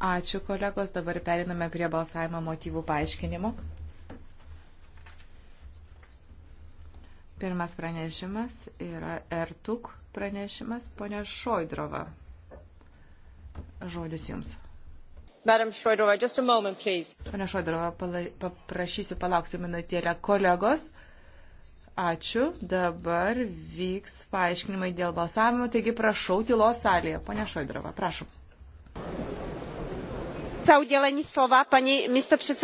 Ačiū kolegos, dabar periname prie balsavimo motyvų paaiškinimo. Pirmas pranešimas yra RTUK pranešimas, ponia Šoidrova. Žodis jums. Madam Šoidrova, just a moment, please. Ponia Šoidrova, pala, paprašysiu palaukti minutėlę kolegos. Ačiū. Dabar vyks paaiškinimai dėl balsavimo, taigi prašau tylos salėje. Pane Šoidrova, prašom. Za udělení slova, paní místopředsedkyně.